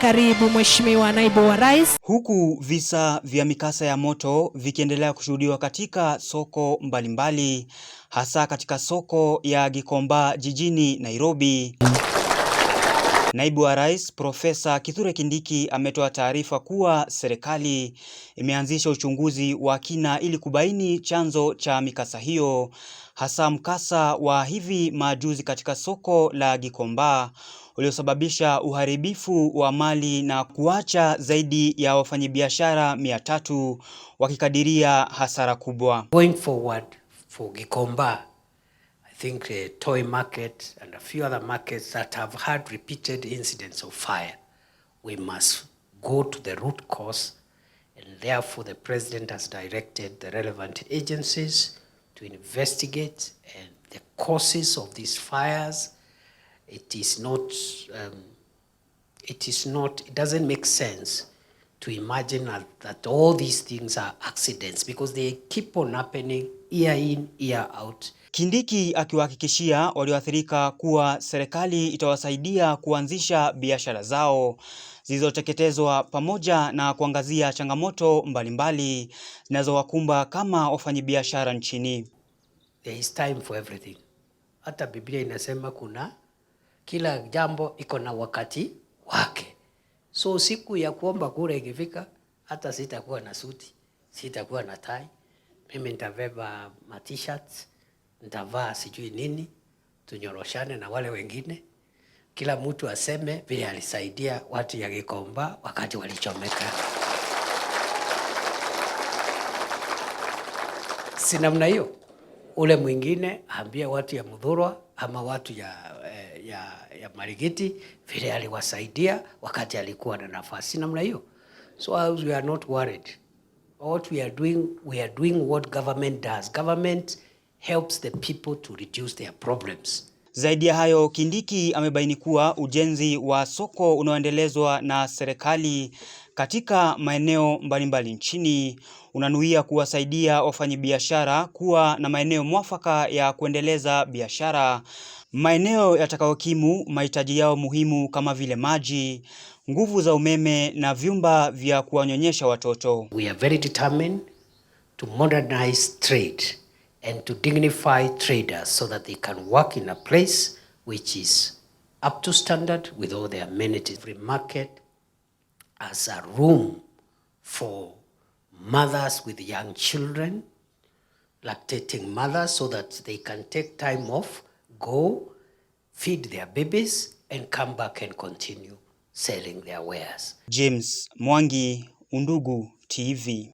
Karibu Mheshimiwa Naibu wa Rais. Huku visa vya mikasa ya moto vikiendelea kushuhudiwa katika soko mbalimbali mbali, hasa katika soko ya Gikomba jijini Nairobi. Naibu wa Rais Profesa Kithure Kindiki ametoa taarifa kuwa serikali imeanzisha uchunguzi wa kina ili kubaini chanzo cha mikasa hiyo hasa mkasa wa hivi majuzi katika soko la Gikomba uliosababisha uharibifu wa mali na kuacha zaidi ya wafanyabiashara mia tatu wakikadiria hasara kubwa. Going forward for Gikomba think the uh, toy market and a few other markets that have had repeated incidents of fire. We must go to the root cause, and therefore the president has directed the relevant agencies to investigate and the causes of these fires. It is not, um, it is not, it doesn't make sense to imagine that all these things are accidents because they keep on happening year in, year out Kindiki akiwahakikishia walioathirika kuwa serikali itawasaidia kuanzisha biashara zao zilizoteketezwa pamoja na kuangazia changamoto mbalimbali zinazowakumba kama wafanyabiashara nchini. There is time for everything. Hata Biblia inasema kuna kila jambo iko na wakati wake. So siku ya kuomba kura ikifika, hata sitakuwa na suti, sitakuwa na tai, mimi nitabeba ma t-shirts nitavaa sijui nini, tunyoroshane na wale wengine, kila mtu aseme vile alisaidia watu ya Gikomba wakati walichomeka. Si namna hiyo, ule mwingine ambia watu ya Mudhurwa ama watu ya, eh, ya, ya Marigiti vile aliwasaidia wakati alikuwa na nafasi, si namna hiyo. So we are not worried. What we are doing, we are doing what government does. Government helps the people to reduce their problems. Zaidi ya hayo, Kindiki amebaini kuwa ujenzi wa soko unaoendelezwa na serikali katika maeneo mbalimbali nchini unanuia kuwasaidia wafanyabiashara kuwa na maeneo mwafaka ya kuendeleza biashara, maeneo yatakayokimu mahitaji yao muhimu kama vile maji, nguvu za umeme na vyumba vya kuwanyonyesha watoto. We are very determined to modernize trade and to dignify traders so that they can work in a place which is up to standard with all the amenities. Every market as a room for mothers with young children, lactating mothers, so that they can take time off, go, feed their babies, and come back and continue selling their wares. James Mwangi, Undugu TV.